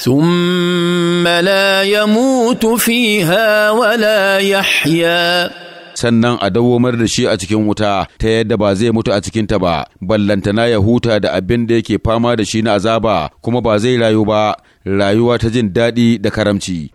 ثم لا يموت فيها ولا يحيا sannan a dawomar da shi a cikin wuta ta yadda ba zai mutu a cikin ta ba ballantana ya huta da abin da yake fama da shi na azaba kuma ba zai rayu ba rayuwa ta jin daɗi da karamci